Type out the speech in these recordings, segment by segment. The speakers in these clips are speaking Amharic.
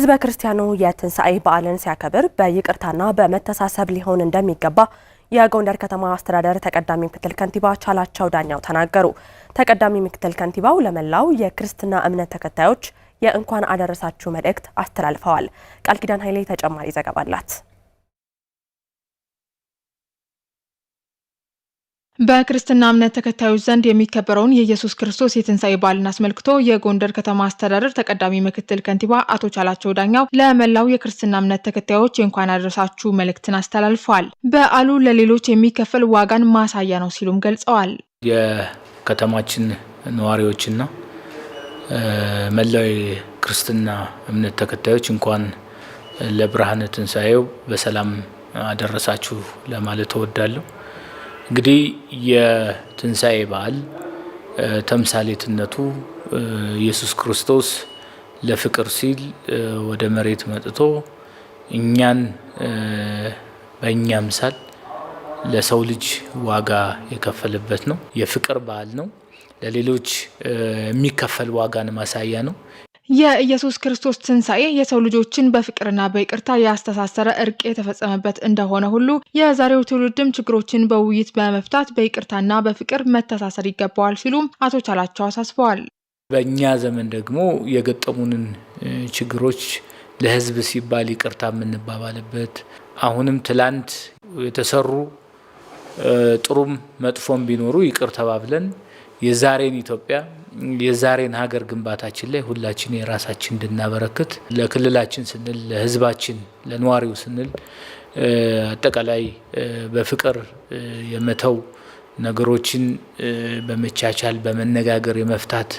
ሕዝበ ክርስቲያኑ የትንሣኤ በዓልን ሲያከብር በይቅርታና በመተሳሰብ ሊሆን እንደሚገባ የጎንደር ከተማ አስተዳደር ተቀዳሚ ምክትል ከንቲባ ቻላቸው ዳኛው ተናገሩ። ተቀዳሚ ምክትል ከንቲባው ለመላው የክርስትና እምነት ተከታዮች የእንኳን አደረሳችሁ መልእክት አስተላልፈዋል። ቃል ኪዳን ኃይሌ ተጨማሪ ዘገባ አላት። በክርስትና እምነት ተከታዮች ዘንድ የሚከበረውን የኢየሱስ ክርስቶስ የትንሣኤ በዓልን አስመልክቶ የጎንደር ከተማ አስተዳደር ተቀዳሚ ምክትል ከንቲባ አቶ ቻላቸው ዳኛው ለመላው የክርስትና እምነት ተከታዮች የእንኳን አደረሳችሁ መልእክትን አስተላልፈዋል። በዓሉ ለሌሎች የሚከፈል ዋጋን ማሳያ ነው ሲሉም ገልጸዋል። የከተማችን ነዋሪዎችና መላው የክርስትና እምነት ተከታዮች እንኳን ለብርሃነ ትንሣኤው በሰላም አደረሳችሁ ለማለት እወዳለሁ። እንግዲህ የትንሣኤ በዓል ተምሳሌትነቱ ኢየሱስ ክርስቶስ ለፍቅር ሲል ወደ መሬት መጥቶ እኛን በእኛ ምሳል ለሰው ልጅ ዋጋ የከፈለበት ነው። የፍቅር በዓል ነው። ለሌሎች የሚከፈል ዋጋን ማሳያ ነው። የኢየሱስ ክርስቶስ ትንሣኤ የሰው ልጆችን በፍቅርና በይቅርታ ያስተሳሰረ እርቅ የተፈጸመበት እንደሆነ ሁሉ የዛሬው ትውልድም ችግሮችን በውይይት በመፍታት በይቅርታና በፍቅር መተሳሰር ይገባዋል ሲሉም አቶ ቻላቸው አሳስበዋል። በእኛ ዘመን ደግሞ የገጠሙንን ችግሮች ለሕዝብ ሲባል ይቅርታ የምንባባልበት አሁንም ትላንት የተሰሩ ጥሩም መጥፎም ቢኖሩ ይቅር ተባብለን የዛሬን ኢትዮጵያ የዛሬን ሀገር ግንባታችን ላይ ሁላችን የራሳችን እንድናበረክት ለክልላችን ስንል ለህዝባችን ለነዋሪው ስንል አጠቃላይ በፍቅር የመተው ነገሮችን በመቻቻል በመነጋገር የመፍታት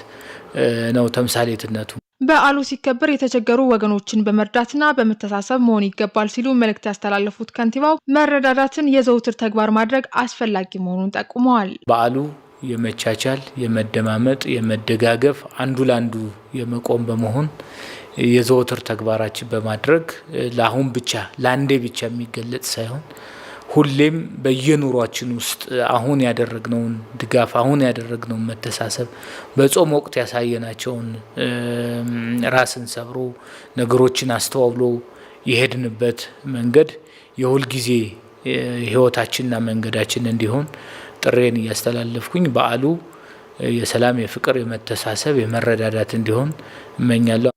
ነው ተምሳሌትነቱ። በዓሉ ሲከበር የተቸገሩ ወገኖችን በመርዳትና በመተሳሰብ መሆን ይገባል ሲሉ መልእክት ያስተላለፉት ከንቲባው መረዳዳትን የዘውትር ተግባር ማድረግ አስፈላጊ መሆኑን ጠቁመዋል። በዓሉ የመቻቻል፣ የመደማመጥ፣ የመደጋገፍ አንዱ ለአንዱ የመቆም በመሆን የዘወትር ተግባራችን በማድረግ ለአሁን ብቻ ለአንዴ ብቻ የሚገለጽ ሳይሆን ሁሌም በየኑሯችን ውስጥ አሁን ያደረግነውን ድጋፍ አሁን ያደረግነውን መተሳሰብ በጾም ወቅት ያሳየናቸውን ራስን ሰብሮ ነገሮችን አስተዋብሎ የሄድንበት መንገድ የሁልጊዜ ሕይወታችንና መንገዳችን እንዲሆን ጥሬን እያስተላለፍኩኝ በዓሉ የሰላም፣ የፍቅር፣ የመተሳሰብ፣ የመረዳዳት እንዲሆን እመኛለሁ።